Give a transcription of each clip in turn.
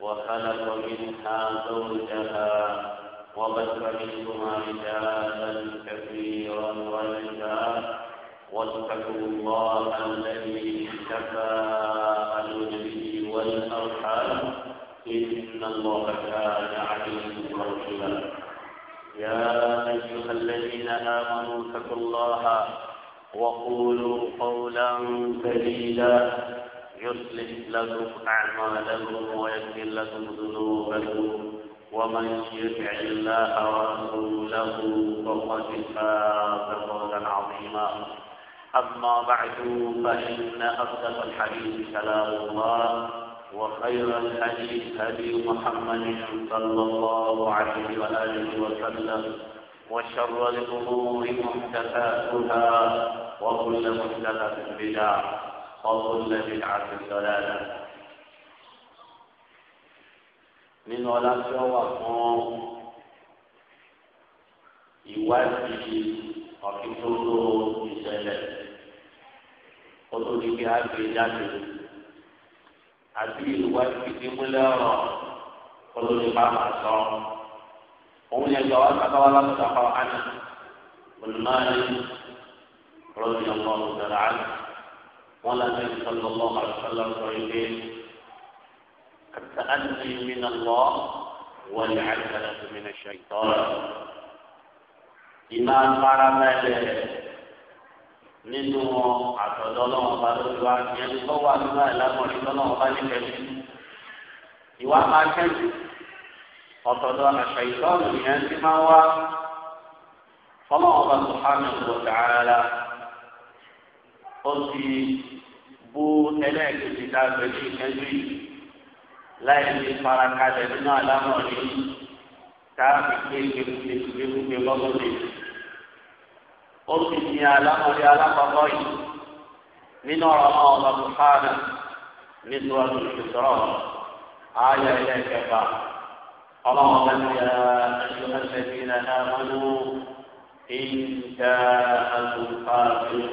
وخلق منها زوجها وبث منهما رجالا كثيرا ونساء واتقوا الله الذي عن به والارحام ان الله كان عليكم رحيما يا ايها الذين امنوا اتقوا الله وقولوا قولا سديدا يصلح لكم أعمالكم ويغفر لكم ذنوبكم ومن يطع الله ورسوله فقد فاز فوزا عظيما أما بعد فإن أصدق الحديث كلام الله وخير الحديث هدي محمد صلى الله عليه وآله وسلم وشر الأمور محدثاتها وكل محدثة بدعة قول الذي عبد الضلالة من ولا سوى قوم يوازي وكتبه بسلام قلت لك هذه جاده àti ìwádìí fìdí múlẹ̀ ọ̀rọ̀ olórí bá máa sọ òun yẹn gba wá sábà wá látọ̀tà pa ánà olùmọ̀ọ́ni rọ́bì ọmọ ọ̀dọ̀rọ̀ ánà wọn lànà ìsọlọ lọ àlùfọlọ sọ ilé àtàlẹ mìíràn lọ wọn lè àtàlẹ tó mìíràn ṣàìtọ rẹ ìmọ̀ àfarabalẹ̀ nínú àtọ̀dọ̀ ọlọ́run bá lórí wa ìyẹn tó wà nínú àìlámọ̀rin lọ́lọ́run bá nífẹ̀ẹ́ sí ìwà máa kẹ́lù ọ̀tọ̀dọ̀ àṣà ìtọ́nù ìyẹn ti máa wá ọlọ́run bá sọ̀hánù ọ̀tàrà ó ti bú ẹlẹ́ẹ̀kejì dágbé ní ìtẹ́jú yìí láì ní farakalẹ̀ nínú àlámọ̀ yìí káàbì pé gbẹgbẹgbẹ lọ́gọ́dẹ. ó sì ní àlámọ̀ yìí alákọ̀ọ́kọ́ yìí nínú ọ̀rọ̀ náà ọ̀gá bùkárà nítorí ọdún ìṣòro ayé ẹlẹ́ẹ̀kẹfà. اللهم يا أيها الذين آمنوا إن جاءكم فاسق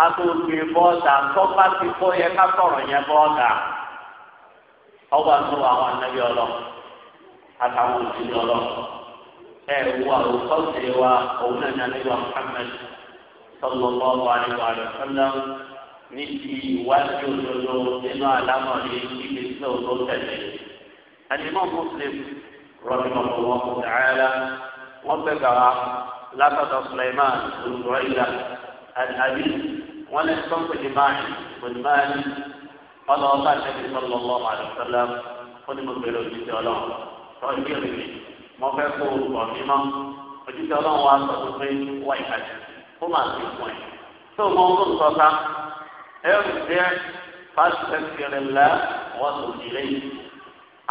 agbóògbé bọ́ọ̀dà tọ́ba ti kọ́ yẹ ká sọ̀rọ̀ yẹn bọ́ọ̀dà ọba tó àwọn anabi ọlọ àtàwọn òṣèlú ọlọ ẹ wà òkọ́sẹ̀ wa òun náà ní anabi Muhammad sallallahu alaihi wa sallam ní ti ìwádìí òdodo nínú àlámọ̀ ní ibi tí ó tó tẹ̀lé alimọ̀ Muslim rahimahullahu ta'ala wọ́n bẹ̀ gàrà látọ̀dọ̀ Sulaiman olùrọ̀ ìlà àdàbí wọn lè tó ń pè ní báyìí pè ní báyìí ọlọ ọba àtẹkùn sọlọ lọ àdùsọlá ó ní mo bèrè òjijì ọlọ́run tó ń bí òrìrì mo fẹ́ kó orúkọ mi mọ́ òjijì ọlọ́run wa sọ pé wà ìkàjẹ́ ó máa ti fún ẹ tó mọ ohun tó ń sọ ká ẹ ò jẹ pásítẹ kiri lẹ wọn tó di lẹ́yìn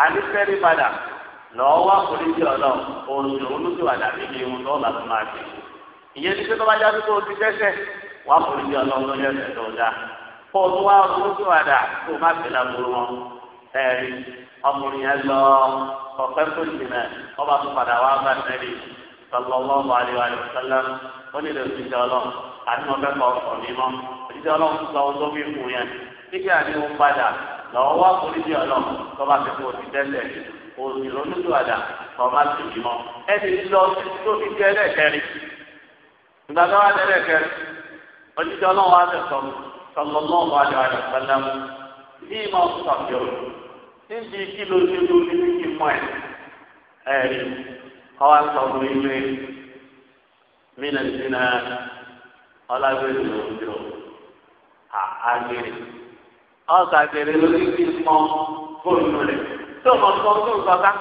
àdìsẹ́rì padà lọ́wọ́ wá oríṣi ọ̀dọ́ òòlù olùsèwádà níbi ohun tó bá tó máa ṣe ìyẹn ti wàá forí bí ọlọ́run lórí ẹ̀sẹ̀ tó dáa kó o tún wá ọdún tó wà dà kó o má fi lábúrú wọn ẹ̀rí ọmọnìyàn lọ ọ̀pẹ́ tó jìnnà ọba tó padà wá bá tẹ́lẹ̀ sallallahu alaihi wa sallam ó ní lè fi jẹ ọlọ́run àti ọ̀pẹ́ kọ ọ̀sán mímọ́ òṣìṣẹ́ ọlọ́run sọ ohun tó fi fún yẹn kíkẹ́ àti ohun padà lọ́wọ́ wá forí bí ọlọ́run tó bá fi kó o ti tẹ́lẹ̀ òjijì ọlọ́run wa bẹ̀ sọ̀rọ̀ sọlọ́lọ́run wa lọ́wọ́ àyọ̀sọ́lá mu ní ìmọ̀ sọ̀bìọ̀ níbi kí ló ṣe ló ní kí mọ̀ ẹ̀ ẹ̀rí ọwọ́ sọ̀rọ̀ ilé mílẹ̀ sínú ọlágbèrè lòdìrò àgbèrè ọ̀sà àgbèrè ló ní kí mọ̀ bóyú rẹ̀ tó mọ̀ sọ tó gbọ́dá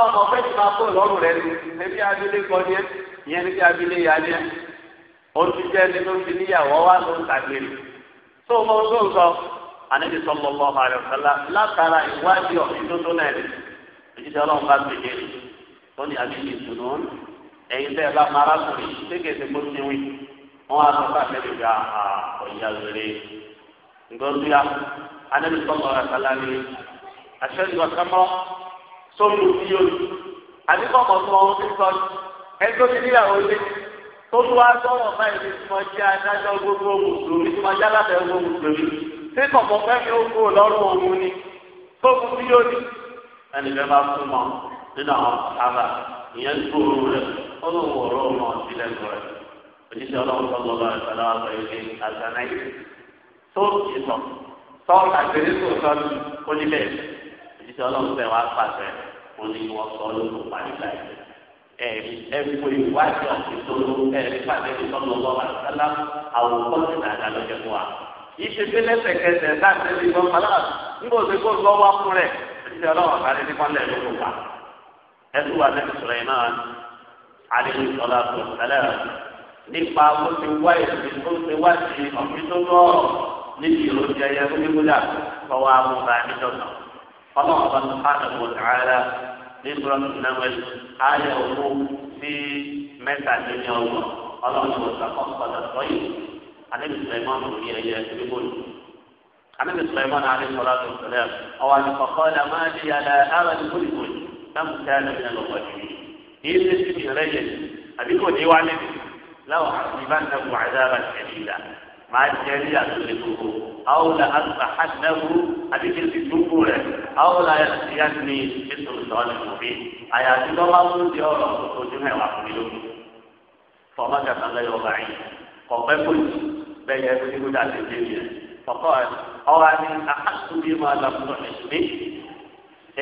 ọmọ fẹ́ẹ́ ti máa kó lọ́rùn rẹ̀ ní ẹbí abilé kọ́ni ẹ ìyẹn ní kí abilé yá ni ẹ olùjẹ́ ẹni tó ti níyàwó wá ló ń tàgbèrè tó o mọ tó ń sọ ànábi sọlọ lọ àrẹ ọ̀sálà látara ìwádìí ọ̀sìn tó tó náà rẹ̀ ìjíṣẹ́ ọlọ́run bá gbèjẹ́ rẹ̀ tó ní àbí ìdùnnú ẹ̀yin tẹ́ ẹ bá mara sùn ṣégeṣe kó ti wí wọn á sọ fún àtẹ́bí gba ọ̀yà rere gbọ́dúyà ànábi sọlọ ọ̀rẹ́ ọ̀sálà ni àṣẹ́ni ọ̀sánmọ́ sọ́lù yíyó àbíkọ́ ọ̀sán tó tó wá sọ̀rọ̀ báyìí ní tí wọ́n jẹ́ adájọ́ gbogbo mùsùlùmí tí wọ́n jẹ́ alábẹ̀ gbogbo mùsùlùmí tí kọ̀ọ̀kan fẹ́ fi ogbó lọ́rùn òun ni tó kú bí yóò ní. ẹnì bẹ́ẹ̀ bá fún mọ nínú àwọn àbá ìyẹn gbòòrò rẹ ó ló ń wọ̀rọ̀ ọmọ ìbílẹ̀ rẹ oníṣẹ́ ọlọ́run tó lọ́ọ́ ìfọ̀lá ọ̀sọ̀ ilé yìí ní ẹ̀rí ẹ̀fọ́ ìwádìí ọ̀sìtòló ẹ̀rí pàdé ìtọ́lọ́wọ́ àtàlà àwòkọ́ sí nàdà lọ́jọ́ fún wa. ìṣègbè lẹ́sẹ̀kẹsẹ̀ láti ẹ̀rí ìbọn fàlà nígbà òsè kó lọ́ wá fún rẹ̀ ẹ̀ṣẹ̀ ọlọ́wọ́ àkàrẹ́ ní pọ́nlẹ̀ lóko wa. ẹ̀sù wa lẹ́nu sọ̀rọ̀ iná àdéhùn sọ̀rọ̀ àtọ̀sẹ̀lẹ̀ nípa bó ti wá ìsìn tó ti wá sí ọ̀fìn tó lọ níbi ìròyìn ẹ̀yẹ fúnibúdà nígbà náwó ayé owó sí mẹ́tàdínlẹ́ ọgbọ̀n ọlọ́run kò sàkọ́ padà sọ́yìn alẹ́bí sùlẹ̀mọ́n kò ní ẹyẹ ẹgbẹ́gbọ́n alẹ́bí sùlẹ̀mọ́n alẹ́ sọ́lá tó sọ̀rọ̀ ọwọ́ àlùkọ́kọ́ la máa di yàrá ara ní kúlìkùn láti tẹ́ alẹ́bí náà lọ́kọ́ ju yìí ní sísè rẹ̀ yẹ àbí kò ní wálé láwọn àti máa jẹ rí àtúnṣe gbogbo àwọn la àtúnṣe àdínáwó àdíkèsí gbogbo rẹ àwọn la yàtìyà ní ètò ìsọ̀rọ̀ nìkan bí àyàtí tó máa ń di ọ̀rọ̀ ojú mẹ́wàá wà fún mi lónìí. fọmọ kàkà lẹ́yìn ọba yìí kọpẹ kòjì bẹ́ẹ̀ yẹ kó nígbà tí ó yẹ kọkọ ọwọ́ ni àkàtúndì máa làkúrọ ẹsùnmí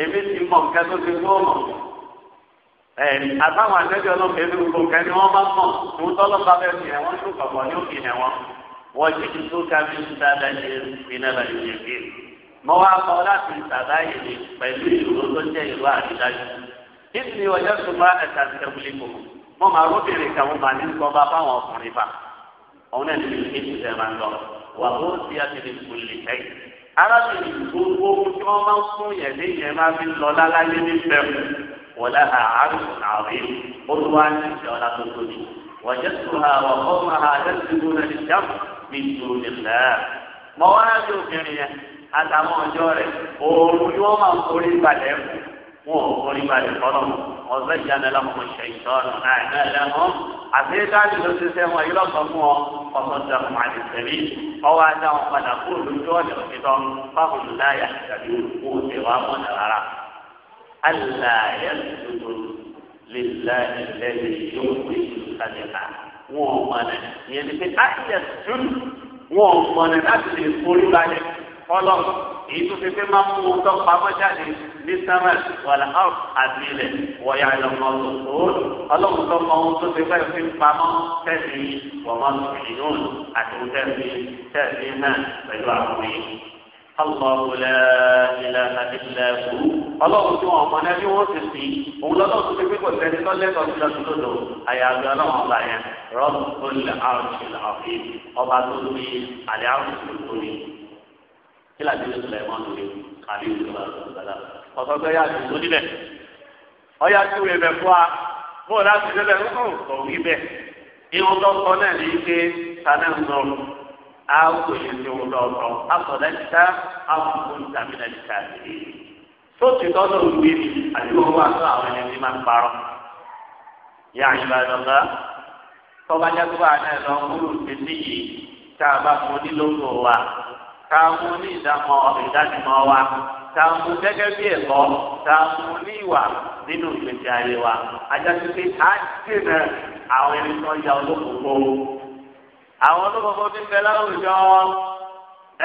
èmi ti mọ nǹkan ti gbọ́ mọ ẹ̀rí àtàwọn àtẹ́jọ́ náà èmi gbogbo nǹkan ni wọ́n máa tó tọ́lọ́ bá fi hẹ̀ wọ́n tó kọ̀ọ̀kan ní òkè hẹ̀ wọ́n. وجئتك من سبأ بنبأ يقين mo wá kọ láti ìsàlàyé mi pẹ̀lú ìró tó jẹ́ ìró àrídájú ìsìn ọjọ́ tó bá ẹ̀ka ìtẹ̀wé kò mo máa róbìnrin kan mo máa ní kọ́ bá fáwọn ọkùnrin bá òun náà ní ìdílé ìṣẹ̀ máa lọ wà ó ti àtìlẹ̀ ìkùnlé ẹ̀yìn arábìnrin gbogbo tí wọ́n máa ń fún yẹn ní ìyẹn máa fi lọ láláyé ní ní ìṣẹ̀ ọ̀la tó nítorí onílẹ̀. mọ wá láti obìnrin yẹn àtàwọn ọjọ́ rẹ̀ òòrùn ni wọ́n máa ń forí balẹ̀ mú wọn ò forí balẹ̀ fọlọ́ ọ̀sẹ̀ ìjánu ẹlọ́mọ ṣe ìtọ́nù àìná ẹlẹ́mọ́ àti dáàbì ló ti sẹ́wọ̀n yìí lọ́sọ̀ fún ọ ọ̀sọ̀ ìjọba àti sẹ́mi ọwọ́ ajá wọn padà kú lójú ọ̀nà òkìtọ́ fáwọn ìláyà tàbí olùkó òṣè wa mọ̀nà rárá. alàyẹ̀ tuntun lè la ìlẹ́yìn yóò gbé ìlú wọn ò mọ̀nà ìyẹn ni pé láyé tún wọn ò mọ̀nà láti lè forí balẹ̀ kọ́lọ́ èyí tó fi pé máa ń mú un tọ́ pamọ́ jáde ní sámà wàlá áwù àti wọ̀yà ìlọ́mọ tó ọlọ́run tó mọ ohun tó ti fẹ́ fi pamọ́ tẹ̀sí wọ̀mọ́ ìyóòn àti tẹ̀sí tẹ̀sí náà pẹ̀lú àwọn èyí. الله لا إله إلا هو ọlọ́run tí wọn mọ ní ẹbí wọn ti sìn òun lọ́dọ̀ tó ti pípọ̀ tẹ́lẹ̀ tó lẹ́kọ̀ọ́ sí lọ́dún lọ́dọ̀ àyàgbé ọlọ́run ọba yẹn rọ́ọ̀bù tó lè àrùn ìlà ọba tó ní àlẹ́ àrùn tó lórí kí làdé ló sọ̀rọ̀ ẹ̀wọ̀n lórí àbí ìlú ọ̀sọ̀gbọ̀dá ọ̀sọ̀ tó yà ti ọ̀yà tí wọ́n ẹ̀bẹ̀ fún wa bó o awo yẹtẹ wo lọrọ akọdà níta awo kó ntàmínà níta sí sóòtù tọ́lọ̀ wí ni àdúgbò wa tó àwọn ẹni tí máa ń parọ́ yà àyìnbá lọ́gá tọ́ba jágbá náà lọ kúrò sí níyì tá a bá fún nílòkò wa tá a mú ní ìdámọ̀ ìdánimọ̀ wa tá a mú gẹ́gẹ́ bí ẹ̀kọ́ tá a mú ní ìwà nínú ìgbésí ayé wa ajá sí pé á dènà àwọn ẹni tó ń ya olókùnkùn àwọn olókòkò ti ń bẹ láwùjọ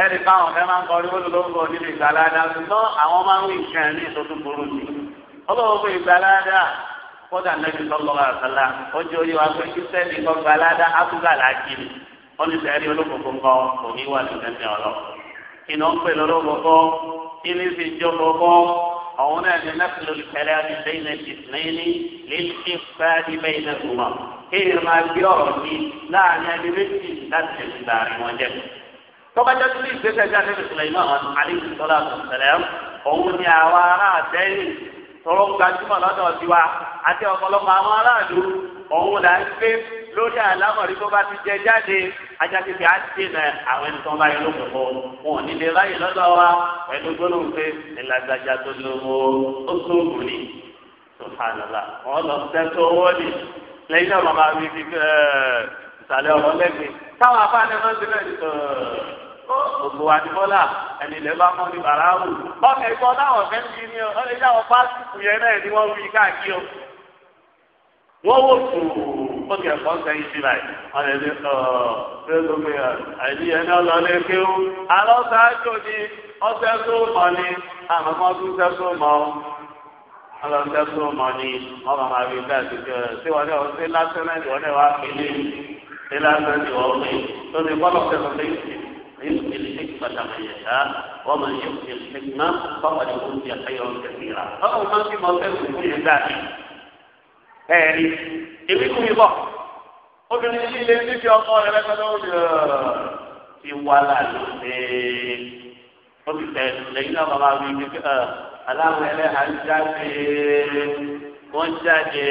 ẹnì káwọn fẹ́ máa ń kọrin wọ́n lọ́wọ́ nílé ìgbàládà ṣùgbọ́n àwọn máa ń wí nǹkan ní ìtọ́tún burú sí olókòkò ìgbàládà kódà nẹ́bí sọ́kọ́ àṣàlá ojú oyè wa pé kíṣẹ́ ní kọ́ gbalada ábúgà làákìrì wọ́n ní sẹ́rí olókòkò ńkọ́ òní wà ní sẹ́mi ọ̀lọ́. iná ń pè lọ́lọ́kọ̀kọ́ ilé fi jọ kọ́kọ́ ọ̀hún náà ní nẹ́fìlì kéèyàn máa gbé ọ̀rọ̀ ní láàrin ẹni méjì láti ẹ̀sìn láàrin wọn jẹ́. tọ́ba jẹ́ tó ní ìgbésẹ̀ bí adébẹ̀ Sulaiman alayhi salatu wassalam òun ni àwa ará àtẹ́yìn tọrọ gbajúmọ̀ lọ́dọ̀ tiwa àti ọ̀pọ̀lọpọ̀ àwọn aráàlú òun là ń gbé lórí àlámọ̀rí tó bá ti jẹ jáde ajáfífi àti nà àwọn ẹni tó ń bá yẹn ló kọ̀kọ́ wọn ní lè ráyè lọ́dọ̀ wa pẹ̀lú gbólóhùn pé ìlàgbàjà tó lówó ó tó ògùn ni subhanallah wọn lọ sẹ́tọ̀ owó ni lẹ́yìn náà màmá mi fi ìsàlẹ̀ ọ̀rọ̀ lẹ́gbẹ̀ẹ́ táwọn afáàní náà ti bẹ̀rẹ̀ sọ gbogbo wa ní bọ́lá ẹni ilẹ̀ bá mọ́ ní bàrà wù. ọkọ̀ ẹ̀gbọ́n fẹ́ fi ní ọ ọ̀rẹ́ táwọn pásítù yẹn náà ni wọ́n wí káàkiri o. wọ́n wò tù ó kẹ̀ kọ́ sẹ́yìn sí báyìí. ọ̀rẹ́ mi ọ̀ ṣé gbogbo ẹ̀ àìní yẹn náà lọ lé kí ó. àlọ́ sáájú ni ọ̀sẹ̀ tó mọ̀ ni àmọ́ ọlọ́dẹ tó mọ̀ ní ọmọ máa rí bẹ́ẹ̀ ti kẹ́ ẹ̀ tí wọ́n ní ọ̀sẹ̀ lásán náà ìwọ́n náà wá kéde ní lásán ní wọ́n rí tó ní bọ́lọ̀ tẹ̀sán lé يؤتي الحكمة من يشاء ومن يؤتي الحكمة فقد أوتي خيرا كثيرا. أو ما في موقف يكون ذاتي. ẹ̀rí èmi kú mi bọ̀ obìnrin yìí lè ní fi ọkọ rẹ lẹ́gbẹ̀ẹ́ lórí ti wà láàyè ó ti tẹ̀ lẹ́yìn náà bàbá mi ní ẹ̀ aláwọ̀ ẹlẹ́hà ń jáde wọ́n ń jáde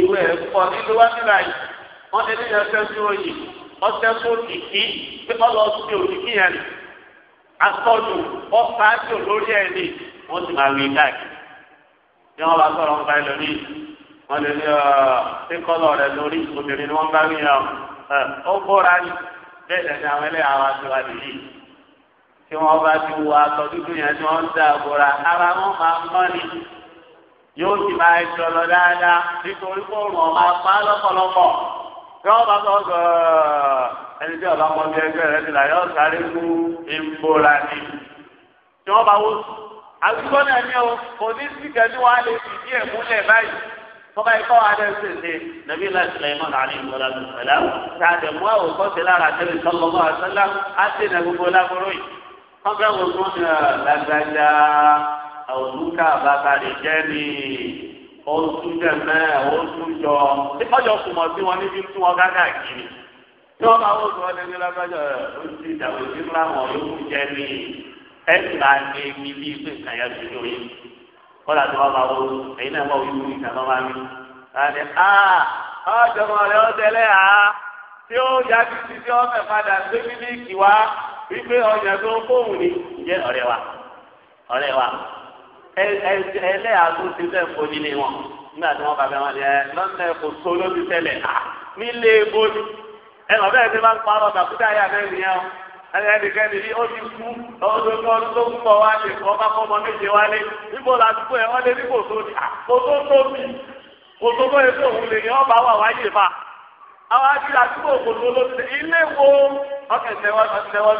ìwé ẹ̀kọ́ nínú wá nílà yìí wọ́n ti ní ẹsẹ̀ sí oyin ọsẹ̀ sí òkìkí pé ọlọ́ sí òkìkí yẹn ni asọ́jù ọ̀sá sí olórí ẹ̀ ni wọ́n ti máa rí káàkiri ní wọ́n bá sọ̀rọ̀ nípa ẹlòmíì wọ́n lè ní ṣé kọ́lọ̀ rẹ̀ lórí obìnrin ni wọ́n bá rí yàn ó bóra ní bẹ́ẹ̀ ni àwọn ẹlẹ́yà wa ti wá nìyí tí wọ́n bá ti wọ aṣọ dúdú yẹn tí wọ́n ń dà bọ̀ra ara wọn máa ń mọ́ ni yóò sì máa jọ lọ dáadáa nítorí fóònù ọmọ apá lọ́pọ̀lọpọ̀ tí wọ́n bá sọ gbọ́ọ̀ ẹni tí ọba mọ́bí ẹgbẹ́ rẹ ti là yọ sáré fún ìmúra ni tí wọ́n bá wó sùn àdúgbò náà ní o kò ní sí kẹ́ni wàá lè fi díẹ̀ múlẹ̀ báyìí tọ́ba ikọ́ adẹ́sẹ̀ ṣe nàbí ilẹ̀ Sulaiman alayhi wa sallam ṣáà dẹ̀ mú àwòkọ́ṣe lára tẹ́lẹ̀ sọ́lọ́mọ́ àṣálá á sì nà gbogbo lágbóró yìí tọ́fẹ́ wo tó ń eh, lágbájá òdúkà bàtà lè jẹ́ ni oṣù tẹ̀mẹ́ oṣù jọ ọjọ́ kùmọ̀ sí wọn níbi tí wọ́n gágà kiri tí wọ́n bá wọ́n sọ ọ́ lẹ́ni lágbájá oṣù eh, ìdàgbò sí láwọn yòókù jẹ́ ni ẹ̀ka ní mi bí pé kàyà ti lóye kọ́lá tí wọ́n bá wọ́n ẹ̀yin náà wọ́n yóò ìjà máa mi. láti a ah, ọjọ́ mọ̀ rẹ̀ tẹ́lẹ̀ a ah, tí ó yá wípé ọjà tó ń fóun ni jẹ́ ọ̀rẹ́ wa ọ̀rẹ́ wa tó ti fẹ́ fojú ni wọn nígbà tí bá fẹ́ wọn ni ẹ lọ́nà kò so lóbi à ah, nílé ebo ni ẹ lọ bẹ́ẹ̀ ti máa ń parọ́ yà bẹ́ẹ̀ o ni ó ti kú ọdún tó ń bọ̀ wá lè bá fọ́ ọmọ méje níbo la dúpọ̀ wọ́n lé ní ni tóbi ah, tó yẹ kó òun lè ọ àwọn adìrẹ àdúgbò òkòló ló ti ilé wo ọkẹ tẹwọ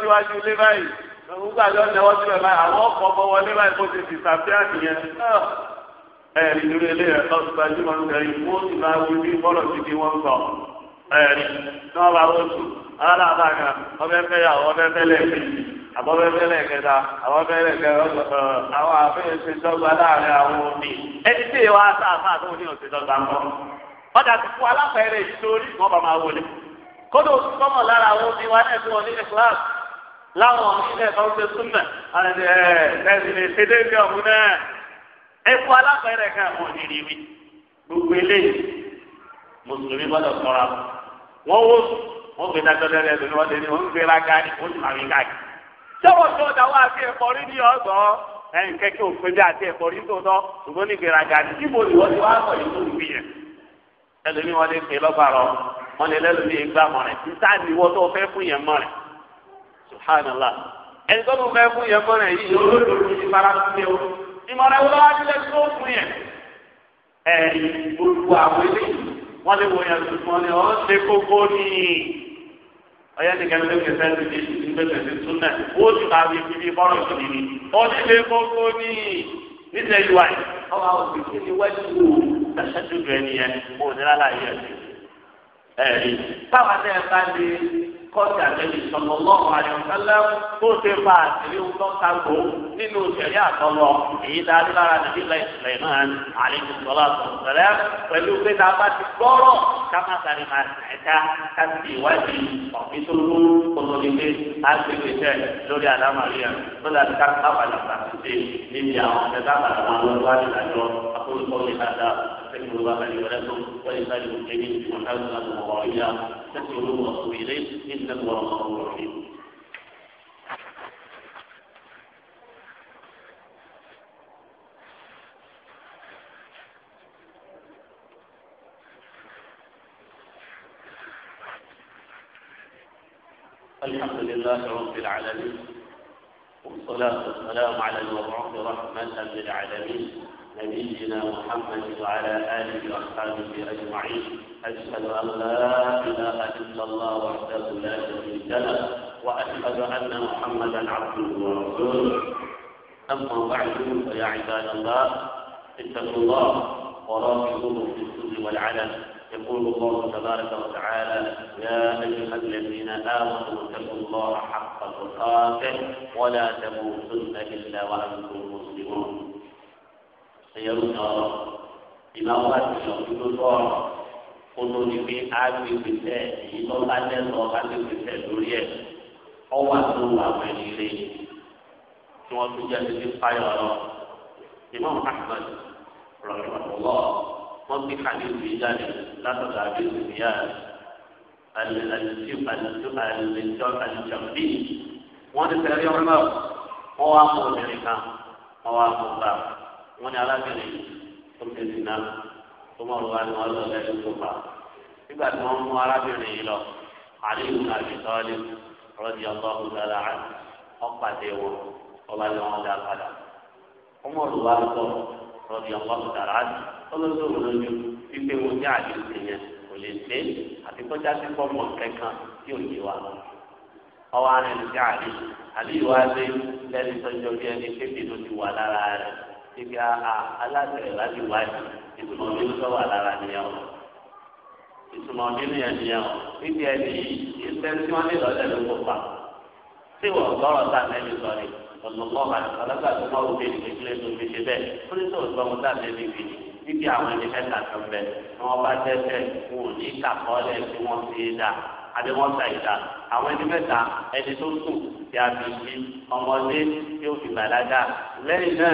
síwájú ilé báyìí gbogbo àjọ tẹwọ síwájú báyìí àwọn ọkọ ọkọ wọlé báyìí kó ti disapia nìyẹn ẹẹri lórí ilé rẹ lọ sí gbajúmọ̀ nǹkan yìí wọn sì máa wí bí bọlọ sí bí wọn sọ ẹẹri tí wọn bá wọn sùn aláàbà kan ọbẹ fẹ yà ọbẹ fẹ lẹbi àbọbẹ fẹ lẹkẹta àbọbẹ ọ̀dà ti fún aláfẹ̀ẹ́rẹ́ yìí lórí wọn bá máa wọlé kódà oṣù kọ́mọ̀ lára àwọn obìnrin wa náà tí wọ́n ní ìkíláàsì láwọn ilé ẹ̀kọ́ ṣe súnmọ̀ àti ẹ̀ẹ́dẹ̀sì lè ṣe débi ọ̀hún náà ẹ fún aláfẹ̀ẹ́rẹ́ kan àwọn òdìrí mi gbogbo eléyìí mùsùlùmí gbọ́dọ̀ sọ̀rọ̀ wọn wó wọn gbé dájọ́ lẹ́rẹ́ ẹ̀dùn wọn lé ní wọn ń gbé rákàdì wọn sì máa rí káàkiri. sọ́wọ́ tó dà wá sí ẹ̀kọ́ rí ní ọ̀gbọ́n ẹ̀ǹkẹ́kẹ́ òfin bí àti ẹ̀kọ́ rí tó tọ́ ṣùgbọ́n ní gbéraga ní kíbo ìwọ́n ti wá sọ ìlú ìgbìyànjú ẹlòmíì wọn lè pè lọ́gbàrọ̀ wọn lè lẹ́lòmíì gbà mọ̀ rẹ̀ níta ni wọ́n tó fẹ́ fún yẹn mọ̀ rẹ̀ subhanallah ẹni tó tún fẹ́ fún yẹn mọ̀ rẹ̀ yìí yóò lòlù ní farafúnni o ìmọ̀ràn wọn lọ́wọ́ abilẹ̀ tó fún yẹn ẹ̀rí gbogbo àwọn ilé wọn lè wọ yẹn tuntun ni ọ̀ ṣe kókó ní ọyẹ ti kẹlẹ lókè sẹẹsì ní ìgbésẹ̀ ní súnà ó ti máa fi fi bọ́rọ̀ sí ni ó ti lé kókó ní nílẹ̀ yìí wáyé ọba òbí kí ni wẹ́ẹ̀tì wò ó tẹ̀síṣẹ́dúdú ẹni yẹn kó o ní láláyé ẹ̀sìn. ẹ̀rí táwa náà bá lè kọ́ọ̀tì àtẹ̀lé sọ̀rọ̀ lọ́wọ́ àyọ̀kẹ́lẹ́ tó ṣe fa àtẹ̀lé lọ́ta gbò nínú ìṣẹ̀lẹ̀ àtọ́lọ èyí tá a ní lára nàbí ilẹ̀ náà àlejò sọ̀rọ̀ àtọ̀sẹ̀lẹ̀ pẹ̀lú pé tá a bá ti gbọ́rọ̀ ká má sáré máa ṣẹ̀ka ká sì ìwádìí ọ̀fíì tó ló kọ́tọ́lélé á sì lè tẹ̀ lórí àdámàrí ẹ̀ tó dàbí ká kábàlà pàṣẹ níbi àwọn ọ̀fẹ́ فإن الله لي ولكم ولسائر المسلمين في محل مضاعية تسلموا واتوب اليه انه هو الغفور الرحيم الحمد لله رب العالمين والصلاة والسلام على المبعوث رحمة للعالمين نبينا محمد وعلى آله وأصحابه أجمعين أشهد أن لا إله إلا الله وحده لا شريك له وأشهد أن محمدا عبده ورسوله أما بعد فيا عباد الله اتقوا الله وراقبوه في السر والعلن يقول الله تبارك وتعالى يا أيها الذين آمنوا اتقوا الله حق تقاته ولا تموتن إلا وأنتم مسلمون ẹ̀yẹ́rù náà ìlà wà ní ọdún tó tọ̀rọ̀ kó ló ní pé agbègbè tẹ̀ èyí tó bá lẹ́nu agbègbè tẹ̀ lórí ẹ̀ ọwọ́ àti owó àwọn ẹni rẹ̀ tí wọ́n tún jẹ́ títí fáyọ̀ lọ. ìmọ̀ ahmed rọ̀lọ́rọ̀ wọ́n fi kàlífù jáde látọ̀dọ̀ àbíyèsí níyà alẹ́tìf alẹ́tìf alẹ́tìfì wọ́n ti tẹ̀lé ọmọ náà wọ́n wá mú obìnrin kan wọ́n wá mú bàbá wọn ni alábìnrin tó ń tẹsí náà tó mọ ọ̀rọ̀ wa ni wọn lọ lẹ́nu tó fà nígbà tí wọn mú arábìnrin yìí lọ àlejò náà fi tọ́ ọgbà ọ̀gbàlá ọ̀pàdé wọn ọba ni wọn dá padà ọmọ ọ̀rọ̀ wa lọ rọ́ọ̀dì ọgbà ọ̀gbàlá ọlọ́sọ̀rọ̀ lójú wípé wọn ní àdéhùn yẹn kò lè ṣe àti kọjá sí pọ́nmọ̀ kẹ́kàn tí ò ní wa ọwọ́ àrẹ̀ ní àlè àlè ìwádìí lẹ́ni tọ́jú ọdún ibi àhà alágbèrè láti wáyé ìtumọ̀ nínú sọ́wọ́ alára nìyẹn o ìtumọ̀ nínú yẹn nìyẹn o níbi ẹni iṣẹ́ tí wọ́n ní lọ́lẹ̀ ló kó pa tí wọ́n gbọ́rọ̀ tá nẹ́bí sọ ni ọ̀nàmọ́ àtàlágbà tó máa wọlé ní ìpínlẹ̀ tó fi ṣe bẹ́ẹ̀ ó ní sọ̀rọ̀ tó ń tà nẹ́bí fi níbi àwọn ẹni kẹta kan bẹ wọn bá tẹ́tẹ́ wọn ní kàkọ́lẹ̀ tí wọ́n ti dà àbí wọ́n ta ìdá àwọn ẹni mẹ́ta ẹni tó sùn tí a fi fi ọmọdé tí ó fi bàlágà lẹ́yìn náà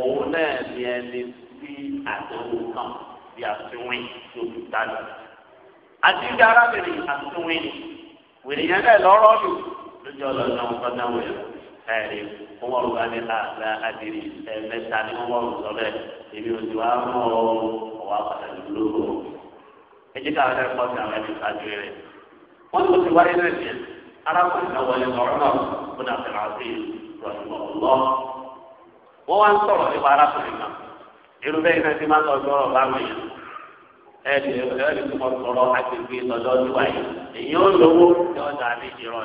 òun náà ni ẹni tí àtẹwò kan bí àtiwìn tó fi dànù. àti ìdí arábìnrin àtiwìn ni wèrè yẹn náà lọ́rọ́ lù lójú ọlọ́dún àwọn kan náà wẹ̀ ẹ̀rí wọ́n wọ́n wá ní àgbà àdìrí ẹ̀mẹ́ta ni wọ́n wọ́n sọ bẹ́ẹ̀ èmi ò ti wá mọ́ ọ wà pàtàkì lóko. ẹ jẹ́ káwọn ẹ̀kọ́ sí àwọn ẹni wọ́n tó ti wáyé náà ní arákùnrin náà wọlé ọ̀rọ̀ náà fún àfẹ́rẹ́ àti ìrọ̀lọ́. wọ́n wá ń sọ̀rọ̀ nípa arákùnrin náà irú bẹ́ẹ̀ náà ti máa ń tọ́jú ọ̀rọ̀ báwọn yẹn ẹ̀ẹ́dì ẹ̀ẹ́dì tó mọ̀ sọ̀rọ̀ agbègbè lọ́dọ̀ ọdún wáyé èyí ó lówó ní ọjà àlejò rọ̀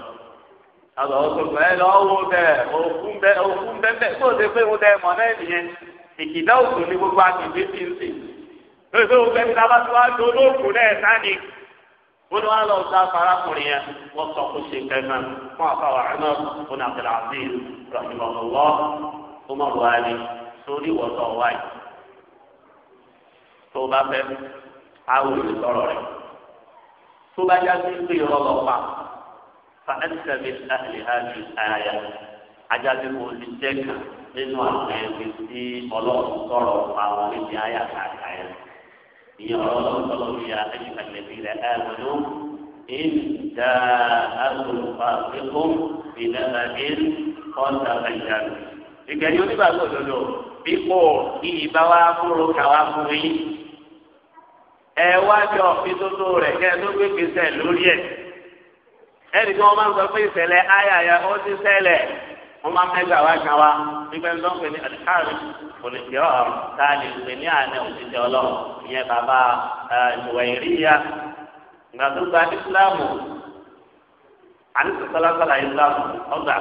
àgbà ọ̀sọ̀ bẹ́ẹ̀ lọ́wọ́ bẹ́ẹ̀ òkun bẹ́ẹ̀ òkun bẹ́ẹ̀ tó ṣe pé mo dẹ́ mọ̀ náà nìyẹn ìkìdá òkun ní gbogbo agbègbè ti ń sè lórí pé mo fẹ́ fi tábà tó wá do lóògùn náà sáni wọn wá lọ sá farakùnrin yẹn wọn sọ kó ṣe kẹfẹ fún àfàwà ẹnà fún abdulaziz rahimahullah umar wali sórí wọtọ wáyé tó bá fẹ́ àwọn olùsọ̀rọ̀ rẹ̀ tó bá já sí pé ọlọpà fa ẹsẹmi ahli hajj ayà ajáde kò ní jẹ kan nínú àwọn ẹgbẹ́ tí Ọlọ́run sọ̀rọ̀ àwọn oníṣẹ́ ayà kàkà yẹn ìyẹn ọ̀rọ̀ ọlọ́run ní àtẹ́jú kàlẹ́bí rẹ̀ ẹ̀ẹ́dùnú ìdá àgùnfà pípọ́n ìdára ẹ̀ẹ́dù ọ̀tà àjàdù. ìgbẹ̀yìn onígbàgbọ́ òdodo pípò kí ìbá wa kúrò ká wa fún yín. ẹ wájọ òfin tuntun rẹ̀ kẹ́ ẹ tó gbé gbèsè lórí ẹ̀. ẹnì tí wọ́n máa ń sọ pé ìṣẹ̀lẹ̀ ayàyà ó ti ṣẹlẹ̀ wọ́n máa ń mẹ́gbàá wá kan nígbà tó ń pè ní àdìkárì olùsirọ káàlì pè ní àná òṣìṣẹ́ Ọlọ́run ìyẹn bàbá ìwà ìríya gbàdúgbà ìsìlámù àníṣọsọlákàlà ìsìlámù ọgbà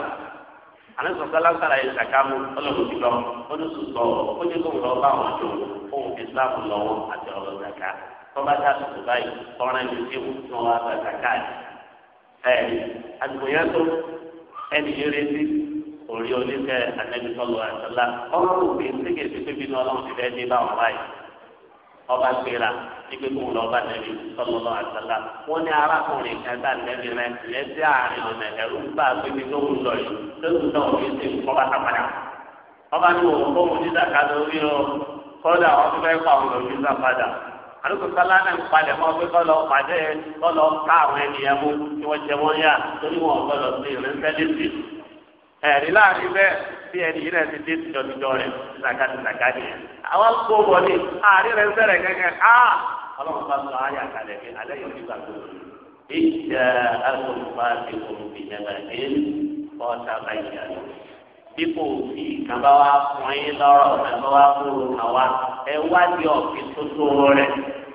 àníṣọsọlákàlà ìsàkámù Ọlọ́run ti lọ oníṣùtọ oníṣùtọ ọba àwọn ọjọ́ ohun ìsìlámù lọ́wọ́ àti Ọlọ́run zaka tọba tá a tuntun báyìí ọ̀ràn ìlú tí wọn tún wá zaka káàdì ẹ àdìgbò yẹn tó ẹnìyẹrẹ sí orí onífẹ́ anabi sọlọ àtàlà ọmọ òbí ṣégeṣe pé bínú ọlọ́run ti fẹ́ẹ́ dé bá wọn báyìí ọba gbéra nígbè kó lọ bá nẹbi sọlọlọ àtàlà wọn ní arákùnrin kẹta nẹbi rẹ lẹsẹ àárín ọmọ ẹrú gbà pébi tó ń lọ yìí lóṣù náà òbí ṣe ọba sápadà ọba ní òun kó wọn níta ká lórí o kódà wọn fẹ́ pa òun lórí sápadà àdúgbò sálá náà ń pé kọ́ lọ pàdé ká àwọn ènìyàn mú kí wọ́n jẹ wọ́n yá torí wọn ò gbọ́dọ̀ sí ìrìnsẹ́ lẹ́sìn ẹ̀rí láàrin bẹ́ẹ̀ bí ẹni yìí rẹ̀ ti dé tìjọ́tìjọ́ rẹ̀ zakati zakati àwọn kó wọlé àárín rẹ̀ sẹ̀rẹ̀ kẹ́kẹ́ á ọlọ́run bá sọ ayé àkàlẹ̀ bí alẹ́ yóò ti gbàgbọ́ ìjà agbóhùnmá ti kò fi nàgbà dé ọ̀tá báyìí àná dípò fi kàbá wa fún yín lọ́rọ̀ kàbá wa fún wa wá di ọ̀fìn tó tó rẹ̀.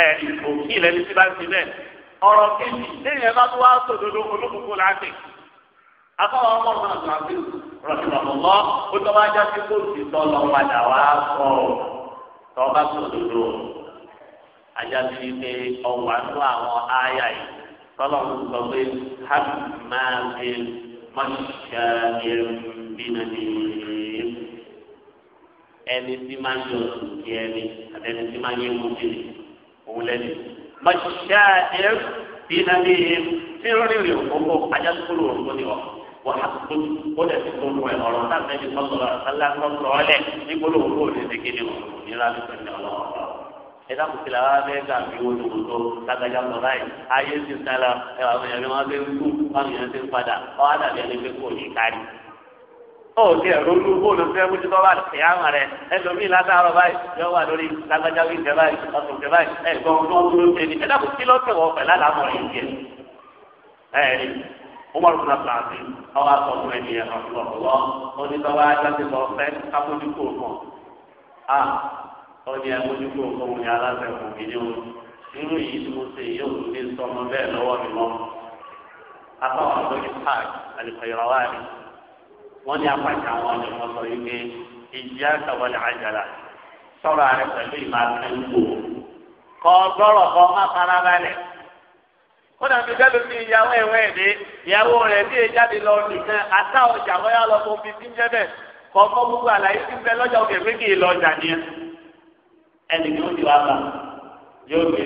ẹ òkì lẹni tí bá ń ti bẹ́ẹ̀ ọ̀rọ̀ kejì lẹ́yìn ẹ bá tó wá sòdodo olókùnkùn láti akọ́wọ́ ọmọ náà tó àti rọ̀tìmọ̀mọ́ ó tọ́ bá já sí kóòtù tọ́ lọ padà wá sọ tọ́ bá sòdodo ajá sí pé ọ̀wà ń àwọn ááyà yìí tọ́lọ̀ ń sọ pé hábì máa ń fi mọ́ṣíṣà ẹ̀rù bínú ni ẹni tí máa ń yọ òkè ẹni àti tí máa ń yẹ òun lẹ́nu mọ̀ṣíṣẹ́ ẹ̀rù bínú bí tí ń rìnrìn òkòkò ajásùkúrò òkòkò ni wọ́n wọ́n á tó ó lẹ̀ tó lu ẹ̀ ọ̀rọ̀ náà lẹ́bi sọ́sọ̀rọ̀ sálá sọ́sọ̀rọ̀ ọ̀lẹ̀ nígboro òkòkò ní ti kéde wọn nira ló fẹ́ ní ọlọ́wọ́ ẹ dákun ti la wá bẹ́ẹ̀ ká fi owó tó tó lágbájá lọ báyìí ayé ti sára ẹ fún yàrá wọn bẹ́ẹ̀ kú wọn yẹn ti padà ọ ó ti ẹ̀rọ olú bóòlù fẹ́ mójú tó bá tẹ̀ àmà rẹ̀ ẹlòmíì látàárọ̀ báyìí yọ wà lórí lágbájá wí jẹ báyìí ọ̀sùn jẹ báyìí ẹ̀gbọ́n tó ń dúró tẹ̀lé ẹ dàbò kí lọ́tẹ̀ wọ̀ pẹ̀lú àlámọ̀ yìí jẹ. ẹ Umar bin Abdulaziz ọwọ́ àtọ̀ fún ẹni ẹ̀ ọ̀pọ̀lọpọ̀ ó ní tọ́wọ́ ajáde lọ fẹ́ kápójúkò kan a ó ní ẹmójúkò kan ní aláṣẹ fún mi ní òun irú yìí tí mo ṣe yóò ní sọmọ bẹ́ẹ̀ lọ́wọ́ mi wọ́n ní apàṣẹ àwọn ọ̀nà wọn sọ yìí pé ìjì àtàwọn àjàlá sọ̀rọ̀ àrẹ pẹ̀lú ìmọ̀ àtẹnudò kọ́ gbọ́rọ̀ kọ́ má fara balẹ̀. ó dàbí gẹ́gẹ́ bí ìyàwó ẹ̀wẹ́ ẹ̀dẹ́ ìyàwó rẹ̀ bí lọ nìkan àtà ọjà wọ́n lọ fún mi ń jẹ́ bẹ́ẹ̀ kọ́ lọ ọjà ni ẹnì kí ó wá yóò gbé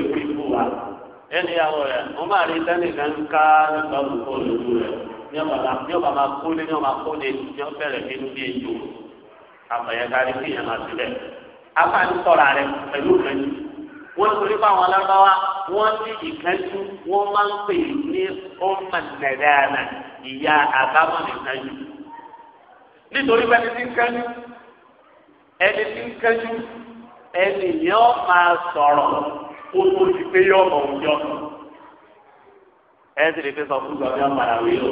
wa rẹ̀ ní ọba la ní ọba máa kó lé ní ọba kó lé ní ọbẹ̀rẹ̀ bí ní ejò àmọ̀yẹ́kárí sí ìyẹn máa sílẹ̀. afáàní sọ̀rọ̀ rẹ pẹ̀lú ìkẹ́jú wọ́n torí fáwọn alábáwá wọ́n ní ìkẹ́jú wọ́n máa ń pè ní ọmọ nàdáàna ìyá àbámọ̀ ìkẹ́jú. nítorí pé ẹni tí ń kẹ́jú ẹni tí ń kẹ́jú ẹni yẹn máa sọ̀rọ̀ kó tó ti pé yọ ọmọ òun yọ ọmọ ẹ sì lè fi sọ fún gbọmí ọ̀padà wí o.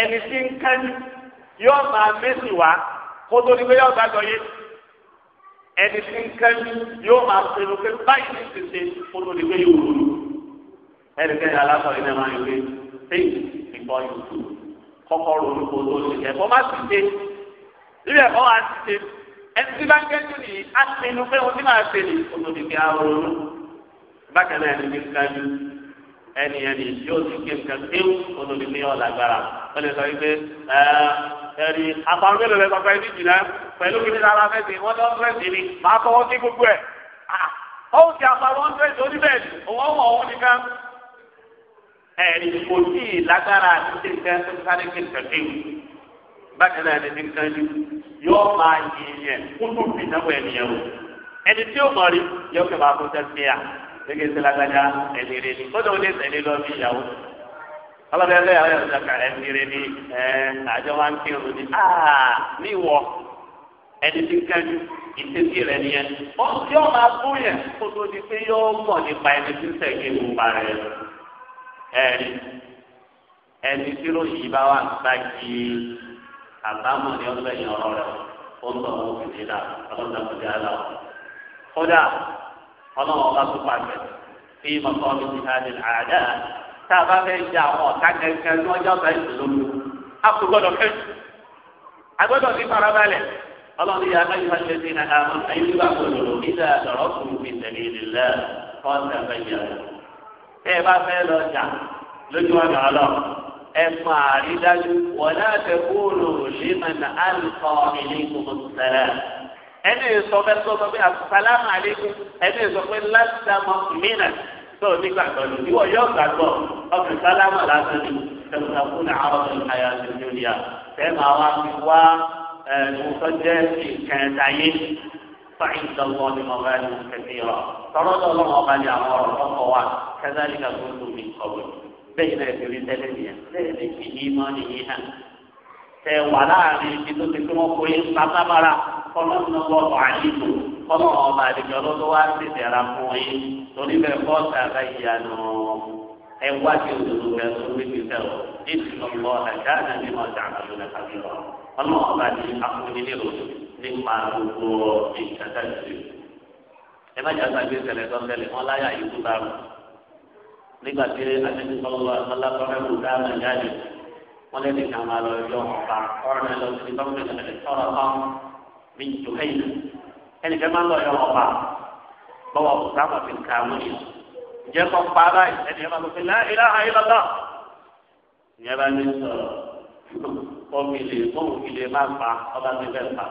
ẹni tí ń kánjú yóò máa mẹ́sì wá kó tó ní pé yóò gbàgbọ́ yé ẹni tí ń kánjú yóò máa pinnu pé báyìí ní ti ṣe kó tó ní pé yóò wúlò. ẹni kẹ́ni alákọ̀ọ́lẹ́ náà máa ń gbé fẹ́yì ìbọn yòókù kọ́kọ́ ronú kó tó ṣe ẹ̀fọ́ má ti ṣe ibi ẹ̀fọ́ wa ti ṣe ẹni tí bá ń kẹ́jú nìyí á pinnu pé òun ti máa ṣe ní kó tó ní pé á ronú ẹni ẹni yóò ti ké nǹkan kéwù olórí ní ọ̀làgbára wọ́n lè sọ wípé ẹ̀rí àpamọ́ mélòó lẹ́sọ̀ fẹ́ ní jìnnà pẹ̀lú kí nílá fẹ́ sí wọ́n lọ́n fẹ́ sí ni máa tọwọ́ sí gbogbo ẹ̀ ọ̀hún ti àpamọ́ ń fẹ́ sí oníbẹ̀ òun ọ̀hún ọ̀hún nìkan ẹ̀rí kò sí ìlágbára àti nǹkan tó sáré ké nǹkan kéwù bákan náà ẹni nǹkan ni yóò máa yìnyẹn kúndùn fìdánwó ẹnìyẹn o ẹni tí ó mọ̀ rí yóò kẹ́ máa gẹ́gẹ́ sí lágbájá ẹni rẹ ni kódà ó lè tẹ̀lé lọ bí ìyàwó ọlọ́dẹ ẹgbẹ́ ìyàwó yẹn sọ̀kà ẹni ni ẹ àjọ wa ń kírun ni áà ní ìwọ ẹni tí ń kájú ìtẹ́sí rẹ nìyẹn ó tí ó máa bú yẹn kó tó di pé yóò mọ̀ nípa ẹni tí ń tẹ̀lé rẹ ẹni ẹni tí ló yìí bá wà báyìí àbámọ̀ ni ọlọ́dẹ yẹn ọ̀rọ̀ rẹ ó ń bọ̀ wọ́n fi ọlọ́run ọba tó pàṣẹ fi mọ̀tọ́ mi ti hàn ní àdá tá a bá fẹ́ ṣe àwọn ọ̀tá kẹ̀kẹ́ ní ọjọ́ ọ̀tá ìṣòlómi a kò gbọ́dọ̀ fẹ́ a gbọ́dọ̀ fi farabalẹ̀ ọlọ́run yà á yọ ẹgbẹ́ sí náà àwọn ayélujára gbọ́dọ̀ nígbà ọ̀rọ̀ fún mi tẹ̀lé ìlẹ̀ kọ́ńtà bẹ́yà tẹ́ ẹ bá fẹ́ lọ jà lójú ọ̀nà ọlọ́ ẹ fún àrídájú wọ̀lá tẹ̀kúrò lẹ́mọ̀nà àlùkò ìlẹ́kùn ẹni sọ bẹ sọ sọ pé asalamu aleykum ẹni sọ pé lásìlámù mìíràn tó nígbà pẹ̀lú ìwọ yóò gbàgbọ́ ọkùnrin sálámù lásán ni tẹmọtà fún àwọn ọmọ àyà ìjọba tẹmọ àwọn fi wá ẹnìtọjẹ ìkẹta yé fàyín dọgbọ ni mo bá ní kẹfì rọ tọrọ dọgbọ mo ní àwọn ọ̀rọ̀ ọkọ wa kẹsàn ẹ wà láàrin ibi tó ti fi wọn kó yín pátábára ọlọ́run náà ọmọ wà nínú ọlọ́dún wá sí ìdẹ̀ra fún yín torí bẹ́ẹ̀ kọ́ sàrà ìyanu ẹ wá sí òdòdó rẹ tó wí pé fẹ́ ọ ìsìnkú ọ̀dà ní ọjà àgbàdo náà kàbí ọ ọlọ́run ọba ní nípa gbogbo ìlú ẹ má wọn láyà wọ́n lé nìkan máa lọ yọ ọ̀pá ọ̀rọ̀ náà lọ sí gọ́ọ̀mẹ̀ntì ẹ̀rẹ̀ sọ̀rọ̀ kan mi jù hẹ́yìn ẹnì kan máa lọ yọ ọ̀pá bọ́wọ́ ọ̀sáàmù fi kà wọ́n yìí jẹ́ kọ́ pa báyìí ẹnì kan máa lọ sí láìlá àìlọ́lá ìyẹn bá ní sọ̀rọ̀ omi lè fóun fi lè má pa ọba ti fẹ́ pa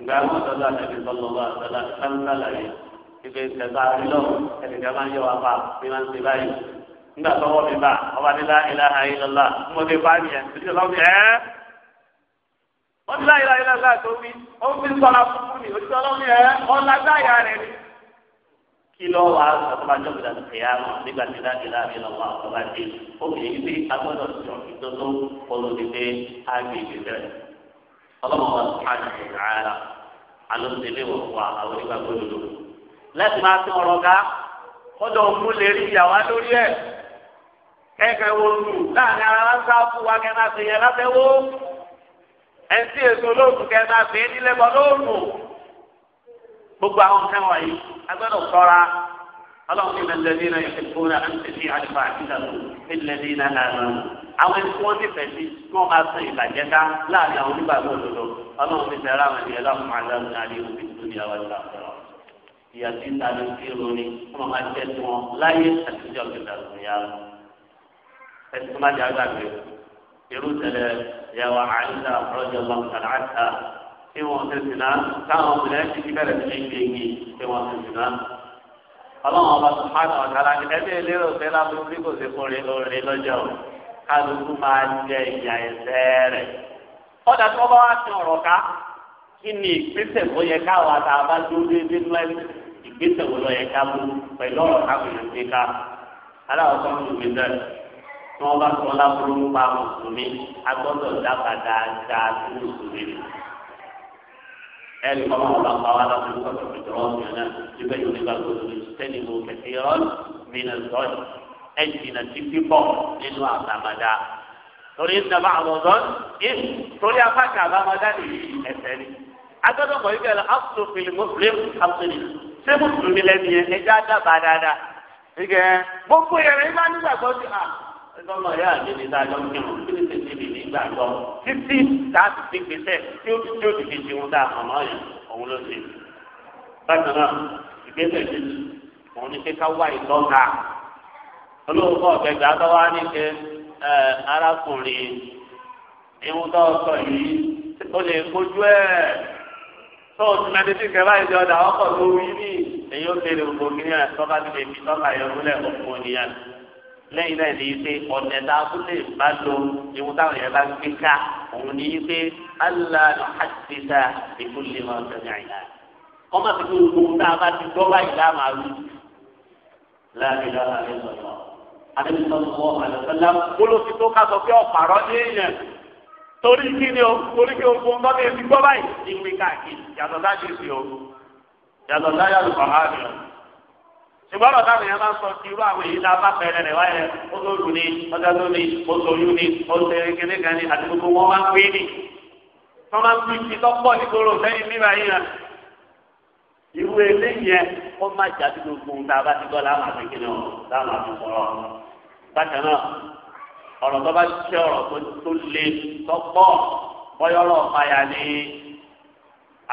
ìgbà wọn sọ́dọ̀ àtẹ̀bí sọ́lọ́wọ́ àtẹ̀lá sáńtàlàyé ìgbésẹ̀ bá rí lọ́wọ́ ẹnì kan máa yọ wá pa bí wọ́n ti báyìí nígbà tó wọ́n mi bá ọba nílá ilaha illallah ń wọ́n mi bá mi yẹn títí lọ́wọ́ mi ẹ́ wọ́n ti láyé láyé láyé tó wí ó fi sọ́ra fún mi òtítọ́ lọ́wọ́ mi ẹ́ ọ̀làgbáyà rẹ̀ ni. kí lọ́wọ́ wa sọ́kọ́ba jọ́ gbìdá ti kẹ̀yà mọ̀ nígbà tí láyé láyé lọ́wọ́ ọba dé obìnrin bí agbọ́dọ̀ sọ ìtọ́tọ́ olódìdé agbègbè rẹ̀ ọlọ́mọba sùpàdé ìhàrà alóńtẹ̀lé wọ̀ fún àwọn onígbàgbọ́ lòlò láti máa tún ọ̀rọ̀ ká kọ́dọ̀ òun lè rí ìyàwó lórí ẹ̀ ẹ̀kẹ́ wo lù láàrin ara lásán fún wa kẹ́ máa ṣe yẹn lábẹ́ wó ẹtí èso lóògùn kẹ́ máa ṣe é nílẹ̀ bọ́ lóògùn gbogbo àwọn nǹkan wọ̀nyí agbọ́dọ̀ sọ́ra ọlọ́run ní lẹ́lẹ́dí náà yẹn kó náà ń tẹ̀lé àdìpá àdìgbà àwọn ẹni tí wọ́n ti fẹ̀ sí kí wọ́n máa sàn ìbàjẹ́ ká láàrin àwọn onígbàgbọ́ òdodo ọlọ́run ti fẹ́ràn àwọn ènìyàn láwọn máa dáhùn náà ní omi tó ní àwọn ìgbà fẹ́ràn ìyàtí ìtàn ní kí ronú kí wọ́n máa tẹ́ tí wọ́n láyé àtijọ́ ìgbà yára ẹni tó má jẹ agbàgbé irú tẹlẹ yàwó àyíká ọlọ́jà lọ́kùnrin àtà tí wọ́n ti sìn náà táwọn obìnrin ti fi bẹ̀rẹ̀ sí ní ìgbéyìí tí wọ́n ti sìn náà. ọlọ́run ọba sùpáàdà ọ̀tàlá ni ẹbí elérò pé lábúrú bí kò sí fúnre lóore lọ́jọ́ kálukú máa jẹ ìyà ẹ̀ṣẹ̀ rẹ̀. ọ̀dà tí wọ́n bá wá sí ọ̀rọ̀ ká kí ni ìgbésẹ̀ tó yẹ káwa tá a bá dúró déédéé lẹ́nu ìgbésẹ̀ wo lọ yẹ ká mú pẹ̀lú ọ̀rọ̀ káwọn èèyàn ti ká aláwọ̀ sọ́kùnrin mi dẹ́rẹ̀ tí wọ́n bá sọ lábúrú nípa mùsùlùmí agbọ́dọ̀ dábàá dáadáa sí mùsùlùmí rẹ̀. ẹnì kan máa ń bá wa lábúrú kọ́tọ̀ pẹ̀tọ́ ọ̀sìn náà síbẹ̀ yóò nígbà gbọdọ̀ lè sẹ́ni mo kẹ̀kẹ́ rọ́ọ̀ mí nà sọ́ọ̀tì ẹ̀ jìnnà sí pípọ̀ nínú àtàmàdá torí ń dàbà àwòrán yìí torí afáàkì àbámadá ni ẹ̀sẹ̀ ni agbọ́dọ̀ mọ̀ ibẹ̀ lọ afro filimu filimu kamsini ṣé mùsùlùmí lẹ́nu yẹn ẹja dábàá dáadáa. gbogbo yẹn rẹ̀ nígbàgbọ́ sí a sísọmọ ìyá mi ní sáájọ ń kírun kí ni tèmi mi nígbà gbọ́ títí láti fi gbèsè tí ó tí ó ti fi ti wọn dá àmọ́ yẹn òun ló ṣe. bákan náà ìgbésẹ̀ mi òun ní pé ká wá ìtọ́ka olóòkọ ọ̀gbẹ́gbẹ́ àtọ́wá ní pé arákùnrin ìhun tó sọ yìí ó lè kojú ẹ̀ tó o ti mẹ́tí tí ọ̀dà ọkọ̀ tó wí ní èyí ó lẹ́yìn náà ní pé ọ̀nà ìdábúlé bá lo ìwọ̀n táwọn yẹn bá gbé ká òun ní pé aláàlú àtìsá ìkúlẹ̀ máa ń tẹ̀lé àyà. ọmọ àti pé gbogbo tá a bá ti gbọ́ báyìí láàmú àrùn láàrin lọ́la rẹ̀ sọ̀rọ̀. adébísọ̀tò àlọ́sọ́lá olófin tó ká sọ pé ọ̀pàrọ̀ ní èèyàn torí kí ni o torí kí o fún ọmọ mi gbọ́ báyìí ìwé káàkiri yàtọ̀ ìgbọ́dọ̀ táwọn èèyàn máa ń sọ ti irú àwọn èyí náà bá rẹ̀ wáyé ó tó lù ní ọjà tó ní oṣù oyún ní oṣù erékeré kan ní àti gbogbo wọn máa ń pè é ní. wọ́n máa ń pè é lọ́pọ̀ nígboro sẹ́yìn mímọ yìí hàn. irú eléyìí yẹn ó má jà sí gbogbo ohun tá a bá ti gbọ́ láwọn àfikún náà láwọn àfikún ọ̀rọ̀. bákan náà ọ̀rọ̀ tó bá ṣiṣẹ́ ọ̀rọ̀ tó le tọ́pọ̀ bọ́yọ́rọ̀ ọ̀páyà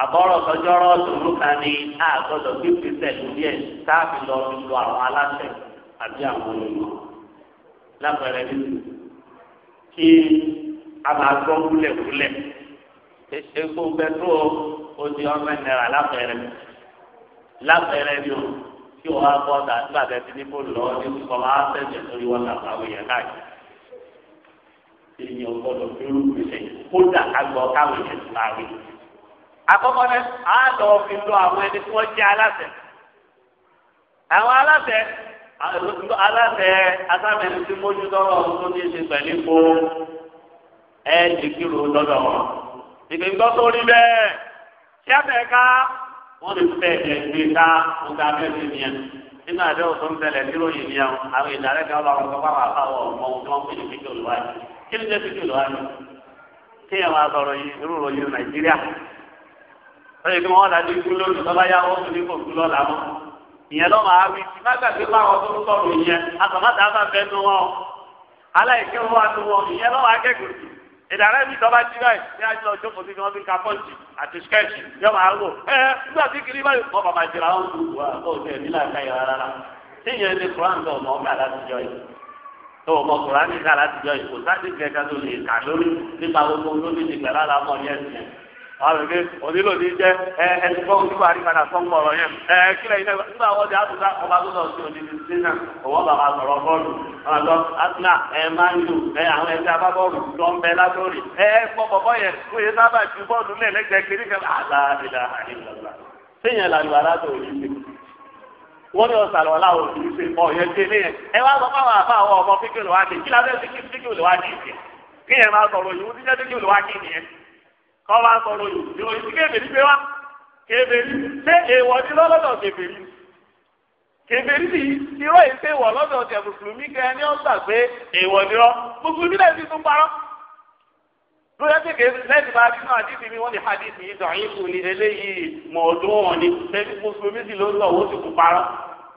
àbọ̀rọ̀ sọjọ́rọ́ tòlú kan ní àgọ́dọ̀ fífi sẹ́ẹ̀lú díẹ̀ táàbì lọ lu àwọn aláṣẹ àbí àwọn onímọ̀ lápẹẹrẹ nínú kí a máa gbọ́ kúlẹ̀kúlẹ̀ epo pẹtrol o ti ọmọ náírà lápẹẹrẹ lápẹẹrẹ ni o tí o wá bọ́ ọ̀dà nígbà tẹ́ ti ní kó lọ ní kọ́ máa tẹ̀sẹ̀ lórí wọn làwọn àwọn èèyàn káàkiri èèyàn gbọ́dọ̀ fi rúbi sẹ́yìn kódà ká gbọ́ káwọn èèyàn ti máa rí àkọ́kọ́ náà á lọ fi lo àwọn ẹni tí wọ́n jẹ́ aláṣẹ àwọn aláṣẹ aláṣẹ asámẹni tí mójú tọrọ ọhún tó ní ṣe pẹ̀lú ipò ẹ jìkìrò lọ́dọ̀ wọn ìgbìngbọ́ tó rí bẹ́ẹ̀ ṣé ẹ̀fẹ̀ ká wọ́n lè fẹ́ ẹ̀ gbé ká wọ́n ká mẹ́rin nìyẹn nínú àdé òtún tẹlẹ tí ròyìn ní àwọn àwọn ìdàrẹ́ kan bá wọn kọ́ bá wà fáwọn ọmọ ohun tí wọ́n pè ní fíkì olùwájú kí ló jẹ́ fíkì kí ẹ̀ máa sọ̀rọ̀ yìí irú ròyìn Nàìjíríà wọ́n yẹ kí wọ́n dájú kú lónìí lọ́ba yá wọ́n tún ní kò kú lọ́la mọ́. ìyẹn lọ́ máa wí sí má gbàgbé fáwọn tó ń sọ̀rọ̀ ìyẹn àtọ̀mọ́tà bá fẹ́ nu wọn aláìké wọn nu wọn ìyẹn lọ́ máa kẹ́kọ̀ọ́ sí. ìdàrẹ́ mi tọ́ba jí báyìí ní àjọ ìjókòó sí ni wọ́n fi ka pọ́ǹtì àti skẹ́ẹ̀tì yọ máa wò ẹ nígbà tí kiri báyìí wọ́n bàbá jìrà wọn kú wà ó tẹ̀ nílà káyọ̀ rárá tíyẹn ní kuran tó ọmọ ọgbà láti yìí tó ọmọ kuran ní ká láti yìí kò sáà ti gbẹ àwọn èdè onílò ní jẹ ẹ ẹ gbọ́ onígbà àríkàdà tó ń bọ̀ ọ̀rọ̀ yẹn ẹ kílẹ̀ yìí nígbà wọ́n ti àtúntà ọba tó sí òní sí náà ọwọ́ bàbá sọ̀rọ̀ bọ́ọ̀lù ọ̀dọ́ àtúnà ẹ máa ń lò ẹ àwọn ẹgbẹ́ abábọ́ọ̀lù ń bẹ ẹ gbọ́ yẹn sábà ju bọ́ọ̀lù kiri wọ́n ní ọ̀sán ṣe ẹ wá sọ àfa àwọn ọmọ fíkì tọ́ba sọ̀rọ̀ yìí ìròyìn tí kébèrè gbé wá kébèrè ṣé èèwọ̀ ni lọ́lọ́dọ̀ kébèrè kébèrè ni irọ́ yìí ṣe wọ̀ lọ́dọ̀ tẹ̀ mùsùlùmí kẹrin ni ó gbà pé èèwọ̀ ni rọ́ mùsùlùmí náà ti tún parọ́ lórí ẹsẹ̀ kébèrè lẹ́yìn bá nínú àdìsí mi wọ́n ní àdìsí yìí dàn yín kù ní eléyìí mọ̀ọ́dún wọn ni lẹ́yìn mùsùlùmí sì ló ń lọ owó ti kú parọ́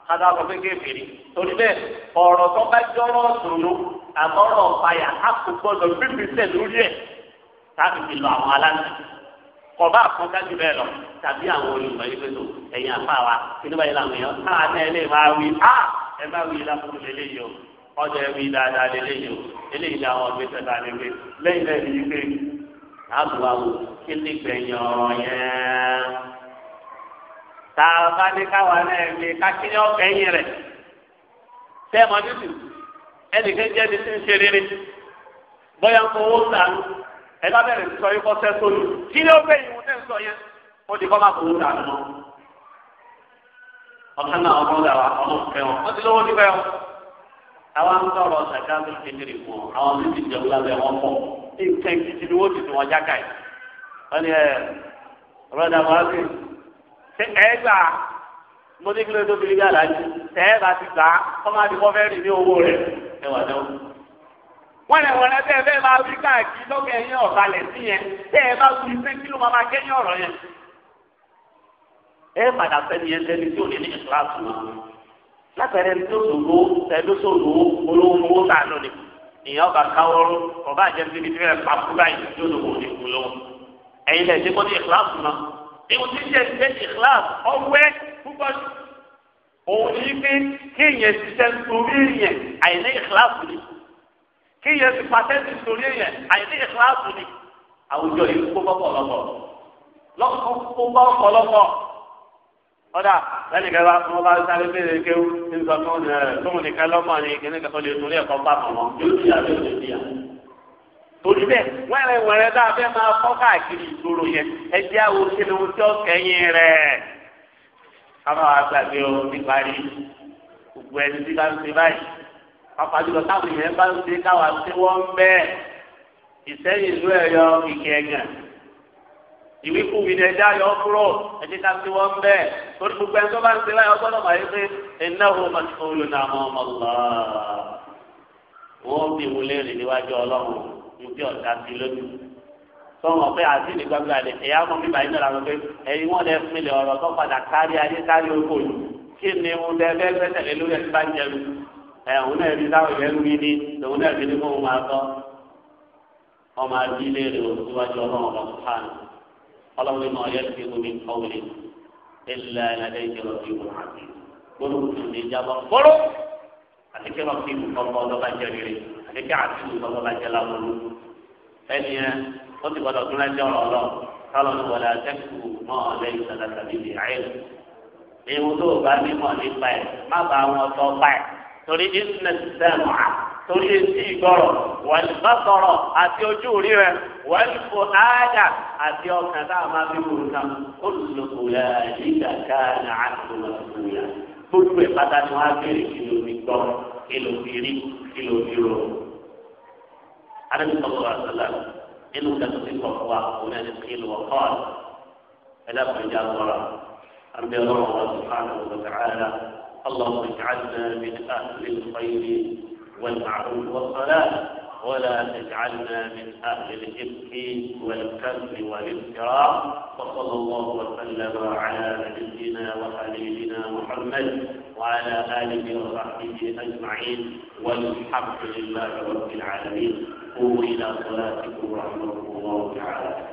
kada sọ pé kébèrè torí bẹ́ẹ̀ ọ̀rọ̀ tó bá jọ́rọ̀ sòrò àmọ́rọ̀ ọ̀páyà á kò gbọ́dọ̀ bíbí sẹ̀ lórí ẹ̀ táàbì fi lọ àwọn aláǹtà kọba àfọ̀nkájú bẹ́ẹ̀ lọ tàbí àwọn olùmọ̀ yìí pẹ̀lú ẹ̀yìn àfa wa kínní báyìí làwọn èèyàn táà náà lè máa wí á ẹ má wí lápò lélẹ́yìí o ọjọ́ ẹ wí dáadáa lélẹ́yìí o eléyìí ni àwọn ọ̀gbẹ́sẹ̀ bá lè gbé lẹ́yìn náà yìí pé àbúrò àwọn kínní gbẹ̀yìn ọ̀rọ̀ yẹn. tá a bá ní káwa náà gbé kákínní ọ̀gbẹ́yìn rẹ̀ tẹ́ mọ́ ẹ sọ yín kọ́ sẹ́sọ́ kí ló gbé ìwọ tẹ́ sọ yẹn ó di kọ́ máa kó dà nù. ọ̀kan náà ọmọ ọ̀gá wa ọmọ òfin wọn wọ́n ti lówó níbẹ̀ wọn. àwọn ń sọ̀rọ̀ ṣàkà tó kékeré fún ọ àwọn tó ti jẹun lábẹ́ wọn pọ̀ ní nǹkan ìdíjì ni wọ́n ti tún wọn jáka yìí. wọ́n ní ẹ rọ́dà wá ṣé ẹ gbà mo ní kí ló wọ́n rẹ̀ wọ́n rẹ̀ bẹ́ẹ̀ bẹ́ẹ̀ máa wí káàkiri lọ́kẹ́ yín ọ̀balẹ̀ sí yẹn tẹ́ ẹ bá wí pé kí ló máa máa kẹ́yìn ọ̀rọ̀ yẹn. ẹ padà sẹ́ni yẹn sẹ́ni tí ò ní ní kíláàsì wọn. látàrí ẹni tó sòrò ẹni sòrò olówó owó tà lónìí ìyẹn ọba káwọ́rọ́ ọba àjẹ níbi tí wọ́n pa kúrò àyè tó lòwò ní kúlò. ẹ̀yin lẹ̀ dẹ́kọ́ ní kíláàsì náà. ewu ti jẹ́ ṣe kíláàsì ọwẹ́ púpọ̀ òun ní pé kéèyàn ṣiṣẹ́ torí kí yẹn fi pàtẹ́ǹtì sórí yẹn àyẹ̀dí ìkíláàsì ni àwùjọ yìí kó bọ́ pọ̀lọpọ̀ lọ́kọ́ kó bọ́ pọ̀lọpọ̀ kọ́dà lẹ́yìn kẹfà tí wọ́n bá sáré béèrè kéwú ní sọ fún ẹ tóun nìkan lọ́mọ ni kí ní kẹfà lè torí ẹ̀kọ́ bá mọ̀ wọn torí bẹ́ẹ̀ wẹ́rẹ́ wẹ́rẹ́ dáa fẹ́ máa fọ́ káàkiri ìṣòro yẹn ẹ jẹ́ àwọn pàpàjùlọ táwọn èèyàn bá ń ṣe káwa tí wọ́n ń bẹ́ ìsẹ́yìn ìlú ẹ̀yọ ìkẹ́ ẹ̀gàn ìwíkúwì ní ẹja yọ kúrò ẹjẹ ká tí wọ́n ń bẹ́ torí gbogbo ẹni tó bá ń ṣe láyọ̀ gbọ́dọ̀ máa yẹ pé iná wo máa ti olù náà mọ́ ọmọ lọ. wọ́n bí wọlé rìn níwájú ọlọ́run ní bí ọ̀dà sí lójú. sọ́wọ́n pé àti ní gbàgbà lè ẹ̀yà mọ́ bíbá iná làwọn pé ẹ̀yin wọ́n lè fún ilẹ̀ ọ̀rọ̀ tó padà kárí ayé kárí oko yìí kí ni mo lẹ fẹ́ fẹ́ tẹ̀lé lórí ẹ̀ ẹ òun náà rí táwọn ìyẹn ń rí ní òun náà rí ní kó máa tọ́ ọmọ adé ilé rẹ̀ òun síwájú ọlọ́run ọ̀rọ̀ sùpáàlì ọlọ́run náà yẹ kí omi kọ́wé ilẹ̀ ẹ̀lẹ́dẹ́ ìjọba fi wọ́n àti gbólóhùn ní ìjábọ̀ gbóló àti kí wọ́n fi ìmùkọ́kọ́ ọlọ́ba jẹ́ rere àti kí àti ìmùkọ́kọ́ ọlọ́ba jẹ́ lábúrú ẹni yẹn ó ti gbọdọ̀ tún lẹ́jọ́ ọ̀rọ̀ kálọ̀ ní wọlé àtẹ́kù mọ́ ọ̀lẹ́ ìsàlẹ̀ tàbí ìrìn àìlè. ìmú bá mímọ̀ nípa ẹ̀ má bàa wọn tọ́ pa ẹ̀ torí ìsìnà sẹ́mu à torí etí ìgbọ́rọ̀ wàlí bàtọ̀rọ̀ àti ojú rí rẹ wàlí fò áádà àti ọkàn tá a máa fi wò nǹkan ó lò kò yá ìgbà ká ní àtúntò lọ sí ìyá gbogbo ẹ̀ pátá wọ́n á béèrè kí ló fi gbọ́ kí ló fi rí kí ló fi rò. adébísọ̀ sọ̀rọ̀ àtàlà inú kẹsàn-án ti wa kò ní ẹni kí ló wọ̀ kọ́ ẹ̀ ẹ̀ ìjà sọ̀rọ̀ àbí ọlọ́run wa sùn اللهم اجعلنا من أهل الخير والمعروف والصلاة ولا تجعلنا من أهل الإفك والكذب والافتراء وصلى الله وسلم على نبينا وحبيبنا محمد وعلى آله وصحبه أجمعين والحمد لله رب العالمين قوموا إلى صلاتكم رحمه الله تعالى